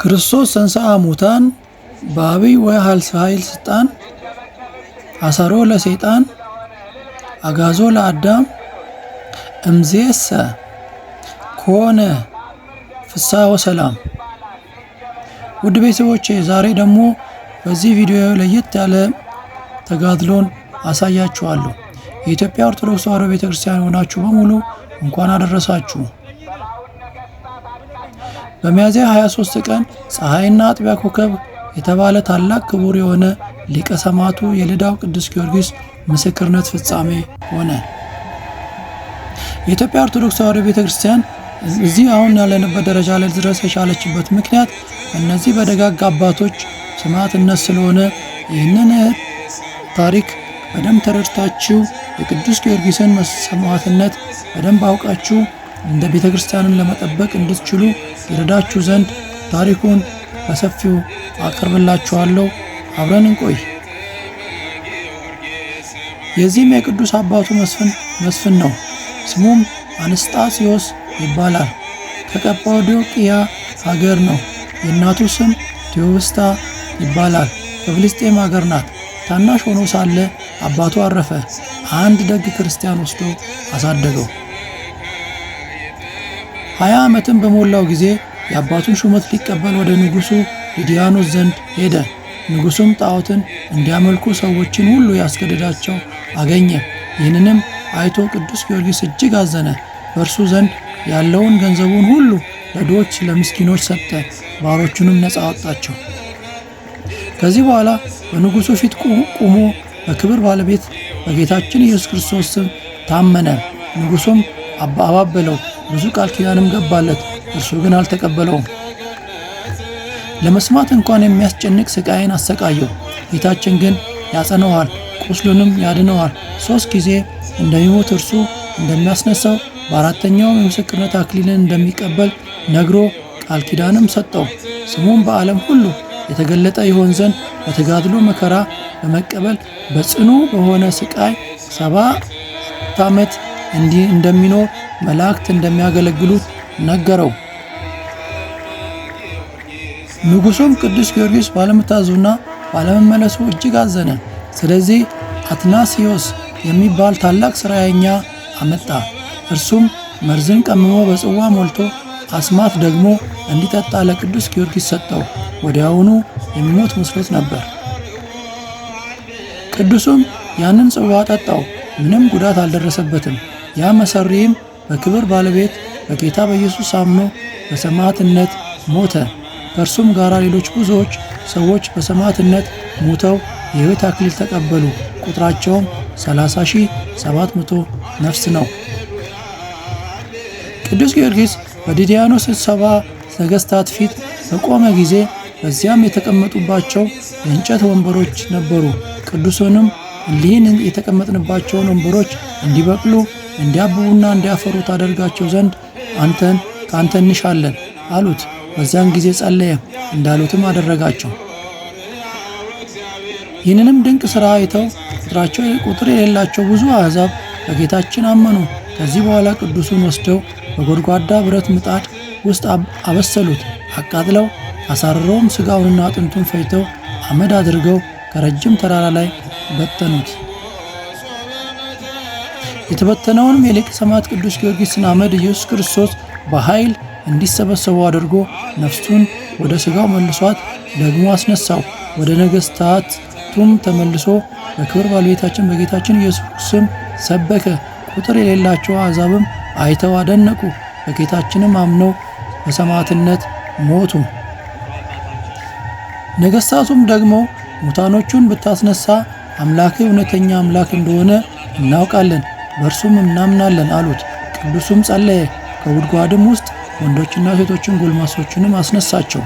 ክርስቶስ ተንሥአ ሙታን በአብይ ወኃይል ስልጣን አሰሮ ለሰይጣን አጋዞ ለአዳም እምዜሰ ኮነ ፍስሐ ወሰላም። ውድ ቤተሰቦቼ ዛሬ ደግሞ በዚህ ቪዲዮ ለየት ያለ ተጋድሎን አሳያችኋለሁ። የኢትዮጵያ ኦርቶዶክስ ተዋሕዶ ቤተክርስቲያን የሆናችሁ በሙሉ እንኳን አደረሳችሁ። በሚያዝያ 23 ቀን ፀሐይና አጥቢያ ኮከብ የተባለ ታላቅ ክቡር የሆነ ሊቀ ሰማዕቱ የልዳው ቅዱስ ጊዮርጊስ ምስክርነት ፍጻሜ ሆነ። የኢትዮጵያ ኦርቶዶክስ ተዋሕዶ ቤተ ክርስቲያን እዚህ አሁን ያለንበት ደረጃ ላይ ድረስ የቻለችበት ምክንያት እነዚህ በደጋግ አባቶች ሰማዕትነት ስለሆነ ይህንን ታሪክ በደንብ ተረድታችሁ የቅዱስ ጊዮርጊስን ሰማዕትነት በደንብ አውቃችሁ እንደ ቤተ ክርስቲያንን ለመጠበቅ እንድትችሉ ይረዳችሁ ዘንድ ታሪኩን በሰፊው አቅርብላችኋለሁ። አብረን እንቆይ። የዚህም የቅዱስ አባቱ መስፍን መስፍን ነው። ስሙም አንስጣሲዮስ ይባላል። ከቀጳዶቅያ ሀገር ነው። የእናቱ ስም ቴዎብስታ ይባላል። በፍልስጤም ሀገር ናት። ታናሽ ሆኖ ሳለ አባቱ አረፈ። አንድ ደግ ክርስቲያን ወስዶ አሳደገው። ሀያ ዓመትም በሞላው ጊዜ የአባቱን ሹመት ሊቀበል ወደ ንጉሡ ሊዲያኖስ ዘንድ ሄደ። ንጉሡም ጣዖትን እንዲያመልኩ ሰዎችን ሁሉ ያስገደዳቸው አገኘ። ይህንንም አይቶ ቅዱስ ጊዮርጊስ እጅግ አዘነ። በእርሱ ዘንድ ያለውን ገንዘቡን ሁሉ ለድሆች፣ ለምስኪኖች ሰጠ። ባሮቹንም ነፃ አወጣቸው። ከዚህ በኋላ በንጉሡ ፊት ቁሞ በክብር ባለቤት በጌታችን ኢየሱስ ክርስቶስ ስም ታመነ። ንጉሡም አባበለው። ብዙ ቃል ኪዳንም ገባለት፣ እርሱ ግን አልተቀበለውም። ለመስማት እንኳን የሚያስጨንቅ ስቃይን አሰቃየው። ጌታችን ግን ያጸነዋል፣ ቁስሉንም ያድነዋል። ሶስት ጊዜ እንደሚሞት እርሱ እንደሚያስነሳው በአራተኛውም የምስክርነት አክሊልን እንደሚቀበል ነግሮ ቃል ኪዳንም ሰጠው። ስሙም በዓለም ሁሉ የተገለጠ ይሆን ዘንድ በተጋድሎ መከራ በመቀበል በጽኑ በሆነ ስቃይ ሰባት ዓመት እንዲህ እንደሚኖር መላእክት እንደሚያገለግሉት ነገረው። ንጉሱም ቅዱስ ጊዮርጊስ ባለመታዘዙና ባለመመለሱ እጅግ አዘነ። ስለዚህ አትናሲዮስ የሚባል ታላቅ ሥራየኛ አመጣ። እርሱም መርዝን ቀምሞ በጽዋ ሞልቶ አስማት ደግሞ እንዲጠጣ ለቅዱስ ጊዮርጊስ ሰጠው። ወዲያውኑ የሚሞት መስሎት ነበር። ቅዱሱም ያንን ጽዋ ጠጣው፣ ምንም ጉዳት አልደረሰበትም። ያ መሰሪም በክብር ባለቤት በጌታ በኢየሱስ አምኖ በሰማዕትነት ሞተ። ከእርሱም ጋር ሌሎች ብዙዎች ሰዎች በሰማዕትነት ሞተው የሕይወት አክሊል ተቀበሉ። ቁጥራቸውም 30700 ነፍስ ነው። ቅዱስ ጊዮርጊስ በዲዲያኖስ ሰባ ነገሥታት ፊት በቆመ ጊዜ በዚያም የተቀመጡባቸው የእንጨት ወንበሮች ነበሩ። ቅዱሱንም እሊህን የተቀመጥንባቸውን ወንበሮች እንዲበቅሉ እንዲያብቡና እንዲያፈሩ ታደርጋቸው ዘንድ አንተን ከአንተ እንሻለን አሉት። በዚያን ጊዜ ጸለየ፣ እንዳሉትም አደረጋቸው። ይህንንም ድንቅ ሥራ አይተው ቁጥራቸው ቁጥር የሌላቸው ብዙ አሕዛብ በጌታችን አመኑ። ከዚህ በኋላ ቅዱሱን ወስደው በጎድጓዳ ብረት ምጣድ ውስጥ አበሰሉት። አቃጥለው አሳርረውም ሥጋውንና አጥንቱን ፈጅተው አመድ አድርገው ከረጅም ተራራ ላይ በተኑት። የተበተነውን ሜሌክ ሰማዕት ቅዱስ ጊዮርጊስን አመድ ኢየሱስ ክርስቶስ በኃይል እንዲሰበሰቡ አድርጎ ነፍሱን ወደ ሥጋው መልሷት ደግሞ አስነሳው። ወደ ነገሥታቱም ተመልሶ በክብር ባለቤታችን በጌታችን ኢየሱስ ስም ሰበከ። ቁጥር የሌላቸው አሕዛብም አይተው አደነቁ። በጌታችንም አምነው በሰማዕትነት ሞቱ። ነገሥታቱም ደግሞ ሙታኖቹን ብታስነሳ አምላክህ እውነተኛ አምላክ እንደሆነ እናውቃለን በእርሱም እናምናለን አሉት። ቅዱሱም ጸለየ። ከጉድጓድም ውስጥ ወንዶችና ሴቶችን ጎልማሶችንም አስነሳቸው።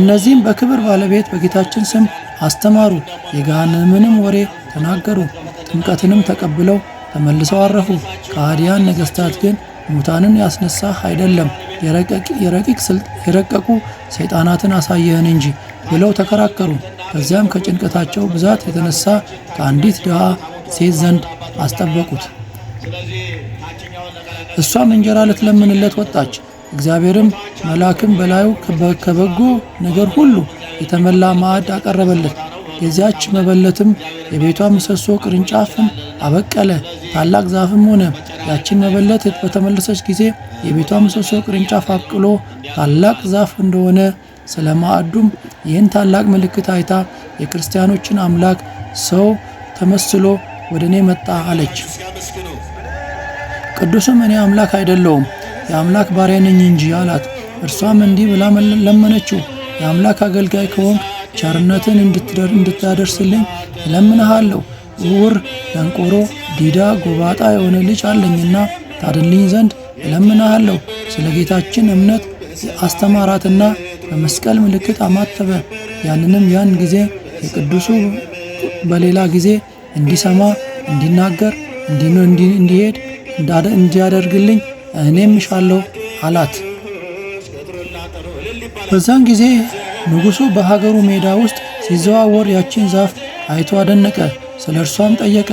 እነዚህም በክብር ባለቤት በጌታችን ስም አስተማሩ፣ የገሃነምንም ወሬ ተናገሩ። ጥምቀትንም ተቀብለው ተመልሰው አረፉ። ከሃዲያን ነገሥታት ግን ሙታንን ያስነሳህ አይደለም የረቀቁ ሰይጣናትን አሳየህን እንጂ ብለው ተከራከሩ። ከዚያም ከጭንቀታቸው ብዛት የተነሳ ከአንዲት ድሃ ሴት ዘንድ አስጠበቁት። እሷም እንጀራ ልትለምንለት ወጣች። እግዚአብሔርም መልአክም በላዩ ከበጎ ነገር ሁሉ የተመላ ማዕድ አቀረበለት። የዚያች መበለትም የቤቷ ምሰሶ ቅርንጫፍን አበቀለ፣ ታላቅ ዛፍም ሆነ። ያችን መበለት በተመለሰች ጊዜ የቤቷ ምሰሶ ቅርንጫፍ አብቅሎ ታላቅ ዛፍ እንደሆነ ስለ ማዕዱም ይህን ታላቅ ምልክት አይታ የክርስቲያኖችን አምላክ ሰው ተመስሎ ወደ እኔ መጣ አለች። ቅዱስም እኔ አምላክ አይደለውም የአምላክ ባሪያ ነኝ እንጂ አላት። እርሷም እንዲህ ብላ ለመነችው፣ የአምላክ አገልጋይ ከሆንክ ቸርነትን እንድታደርስልኝ እለምንሃለሁ። እውር፣ ደንቆሮ፣ ዲዳ፣ ጎባጣ የሆነ ልጅ አለኝና ታድልኝ ዘንድ እለምንሃለሁ። ስለ ጌታችን እምነት አስተማራትና በመስቀል ምልክት አማተበ። ያንንም ያን ጊዜ የቅዱሱ በሌላ ጊዜ እንዲሰማ፣ እንዲናገር፣ እንዲሄድ እንዲያደርግልኝ እኔም እሻለሁ አላት። በዛን ጊዜ ንጉሡ በሀገሩ ሜዳ ውስጥ ሲዘዋወር ያችን ዛፍ አይቶ አደነቀ። ስለ እርሷም ጠየቀ።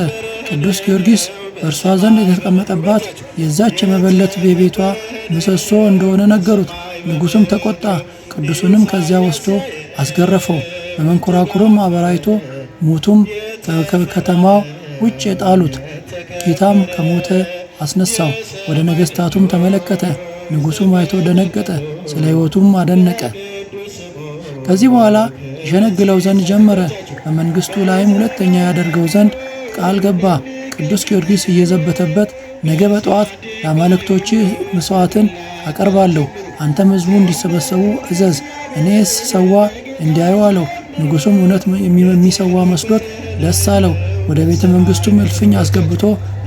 ቅዱስ ጊዮርጊስ በእርሷ ዘንድ የተቀመጠባት የዛች የመበለት የቤቷ ምሰሶ እንደሆነ ነገሩት። ንጉሡም ተቆጣ። ቅዱሱንም ከዚያ ወስዶ አስገረፈው። በመንኮራኩርም አበራይቶ ሙቱም ከከተማ ውጭ የጣሉት። ጌታም ከሞተ አስነሳው፣ ወደ ነገሥታቱም ተመለከተ። ንጉሡም አይቶ ደነገጠ፣ ስለ ሕይወቱም አደነቀ። ከዚህ በኋላ ይሸነግለው ዘንድ ጀመረ። በመንግሥቱ ላይም ሁለተኛ ያደርገው ዘንድ ቃል ገባ። ቅዱስ ጊዮርጊስ እየዘበተበት ነገ በጠዋት ለአማልክቶችህ መሥዋዕትን አቀርባለሁ፣ አንተም ሕዝቡ እንዲሰበሰቡ እዘዝ፣ እኔ ሰዋ እንዲያዩ አለው። ንጉሡም እውነት የሚሰዋ መስሎት ደስ አለው። ወደ ቤተ መንግስቱ እልፍኝ አስገብቶ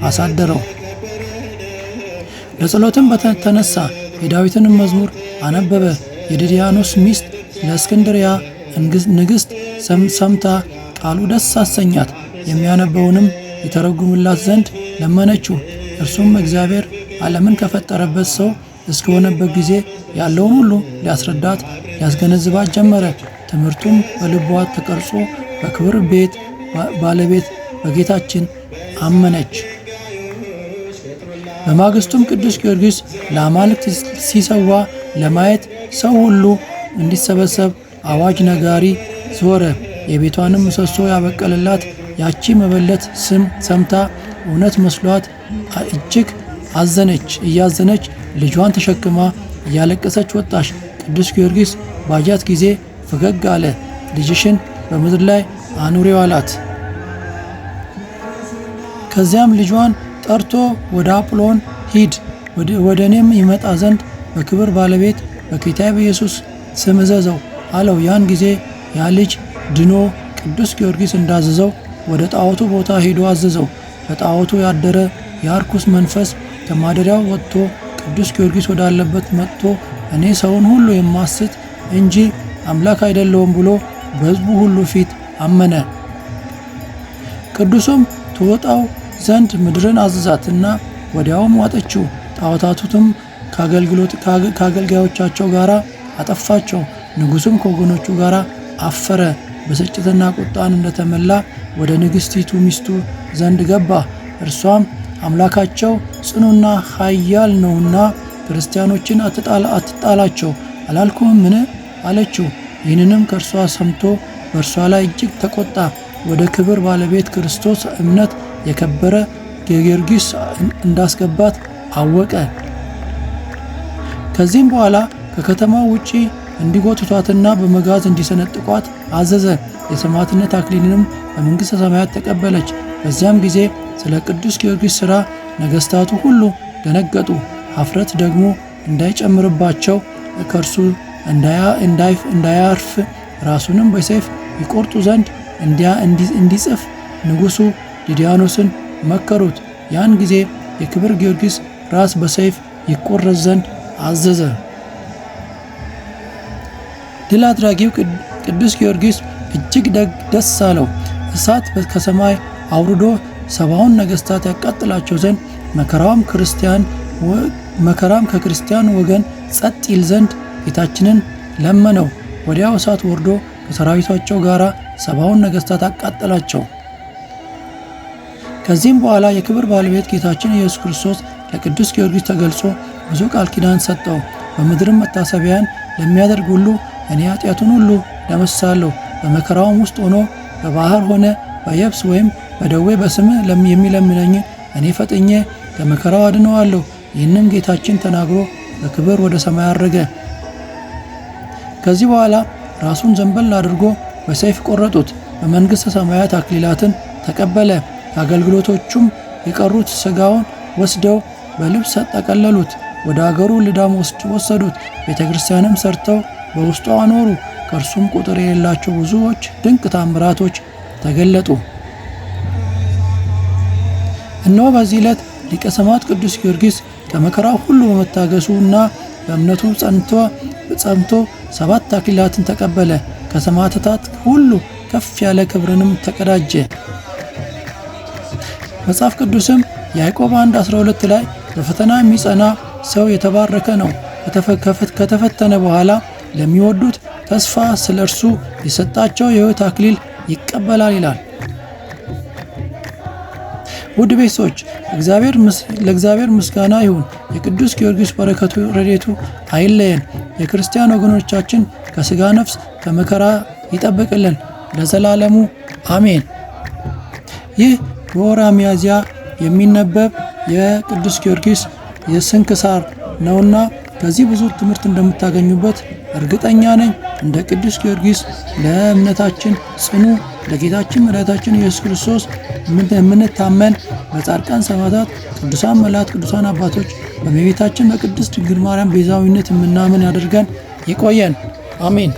አሳደረው። ለጸሎትም በተነሳ የዳዊትንም መዝሙር አነበበ። የድድያኖስ ሚስት ለእስክንድሪያ ንግሥት ሰምታ ቃሉ ደስ አሰኛት። የሚያነበውንም የተረጉምላት ዘንድ ለመነችው። እርሱም እግዚአብሔር ዓለምን ከፈጠረበት ሰው እስከሆነበት ጊዜ ያለውን ሁሉ ሊያስረዳት ሊያስገነዝባት ጀመረ። ትምህርቱም በልቧ ተቀርጾ በክብር ቤት ባለቤት በጌታችን አመነች። በማግስቱም ቅዱስ ጊዮርጊስ ለአማልክት ሲሰዋ ለማየት ሰው ሁሉ እንዲሰበሰብ አዋጅ ነጋሪ ዞረ። የቤቷንም ምሰሶ ያበቀለላት ያቺ መበለት ስም ሰምታ እውነት መስሏት እጅግ አዘነች። እያዘነች ልጇን ተሸክማ እያለቀሰች ወጣች። ቅዱስ ጊዮርጊስ ባጃት ጊዜ ፈገግ አለ። ልጅሽን በምድር ላይ አኑሪ አላት። ከዚያም ልጇን ጠርቶ ወደ አጵሎን ሂድ፣ ወደ እኔም ይመጣ ዘንድ በክብር ባለቤት በጌታ በኢየሱስ ስም እዘዘው አለው። ያን ጊዜ ያ ልጅ ድኖ ቅዱስ ጊዮርጊስ እንዳዘዘው ወደ ጣዖቱ ቦታ ሂዶ አዘዘው። በጣዖቱ ያደረ የአርኩስ መንፈስ ከማደሪያው ወጥቶ ቅዱስ ጊዮርጊስ ወዳለበት መጥቶ እኔ ሰውን ሁሉ የማስት እንጂ አምላክ አይደለውም ብሎ በሕዝቡ ሁሉ ፊት አመነ። ቅዱሱም ትወጣው ዘንድ ምድርን አዘዛትና ወዲያውም ዋጠችው። ጣዖታቱትም ከአገልጋዮቻቸው ጋር አጠፋቸው። ንጉሱም ከወገኖቹ ጋር አፈረ። በስጭትና ቁጣን እንደተመላ ወደ ንግስቲቱ ሚስቱ ዘንድ ገባ። እርሷም አምላካቸው ጽኑና ኃያል ነውና ክርስቲያኖችን አትጣላቸው አላልኩህምን? አለችው። ይህንንም ከእርሷ ሰምቶ በእርሷ ላይ እጅግ ተቆጣ። ወደ ክብር ባለቤት ክርስቶስ እምነት የከበረ ጊዮርጊስ እንዳስገባት አወቀ። ከዚህም በኋላ ከከተማው ውጪ እንዲጎትቷትና በመጋዝ እንዲሰነጥቋት አዘዘ። የሰማዕትነት አክሊልንም በመንግሥተ ሰማያት ተቀበለች። በዚያም ጊዜ ስለ ቅዱስ ጊዮርጊስ ሥራ ነገሥታቱ ሁሉ ደነገጡ። አፍረት ደግሞ እንዳይጨምርባቸው ከእርሱ እንዳያርፍ ራሱንም በሰይፍ ይቆርጡ ዘንድ እንዲጽፍ ንጉሡ ዲዲያኖስን መከሩት። ያን ጊዜ የክብር ጊዮርጊስ ራስ በሰይፍ ይቆረዝ ዘንድ አዘዘ። ድል አድራጊው ቅዱስ ጊዮርጊስ እጅግ ደስ አለው። እሳት ከሰማይ አውርዶ ሰባውን ነገሥታት ያቃጥላቸው ዘንድ መከራም ከክርስቲያን ወገን ጸጥ ይል ዘንድ ጌታችንን ለመነው። ወዲያው እሳት ወርዶ ከሰራዊቷቸው ጋር ሰባውን ነገሥታት አቃጠላቸው። ከዚህም በኋላ የክብር ባለቤት ጌታችን ኢየሱስ ክርስቶስ ለቅዱስ ጊዮርጊስ ተገልጾ ብዙ ቃል ኪዳን ሰጠው። በምድርም መታሰቢያን ለሚያደርግ ሁሉ እኔ ኃጢአቱን ሁሉ ደመስሳለሁ። በመከራውም ውስጥ ሆኖ በባህር ሆነ በየብስ ወይም በደዌ በስምህ የሚለምነኝ እኔ ፈጥኜ ከመከራው አድነዋለሁ። ይህንም ጌታችን ተናግሮ በክብር ወደ ሰማይ አረገ። ከዚህ በኋላ ራሱን ዘንበል አድርጎ በሰይፍ ቆረጡት። በመንግሥተ ሰማያት አክሊላትን ተቀበለ። አገልግሎቶቹም የቀሩት ሥጋውን ወስደው በልብስ ጠቀለሉት፣ ወደ አገሩ ልዳም ወሰዱት። ቤተ ክርስቲያንም ሰርተው በውስጡ አኖሩ። ከእርሱም ቁጥር የሌላቸው ብዙዎች ድንቅ ታምራቶች ተገለጡ። እነሆ በዚህ ዕለት ሊቀ ሰማዕት ቅዱስ ጊዮርጊስ ከመከራው ሁሉ በመታገሱ እና በእምነቱ ጸንቶ ጸንቶ ሰባት አክሊላትን ተቀበለ። ከሰማዕታት ሁሉ ከፍ ያለ ክብርንም ተቀዳጀ። መጽሐፍ ቅዱስም ያዕቆብ 1 12 ላይ በፈተና የሚጸና ሰው የተባረከ ነው፣ ከተፈተነ በኋላ ለሚወዱት ተስፋ ስለ እርሱ የሰጣቸው የሕይወት አክሊል ይቀበላል ይላል። ውድ ቤቶች ለእግዚአብሔር ምስጋና ይሁን። የቅዱስ ጊዮርጊስ በረከቱ ረዴቱ አይለየን። የክርስቲያን ወገኖቻችን ከስጋ ነፍስ ከመከራ ይጠብቅልን ለዘላለሙ አሜን። ይህ በወራ ሚያዝያ የሚነበብ የቅዱስ ጊዮርጊስ የስንክሳር ነውና ከዚህ ብዙ ትምህርት እንደምታገኙበት እርግጠኛ ነኝ። እንደ ቅዱስ ጊዮርጊስ ለእምነታችን ጽኑ ለጌታችን መድኃኒታችን ኢየሱስ ክርስቶስ የምንታመን በጻድቃን ሰማዕታት፣ ቅዱሳን መላእክት፣ ቅዱሳን አባቶች በእመቤታችን በቅድስት ድንግል ማርያም ቤዛዊነት የምናምን ያደርገን። ይቆየን። አሜን።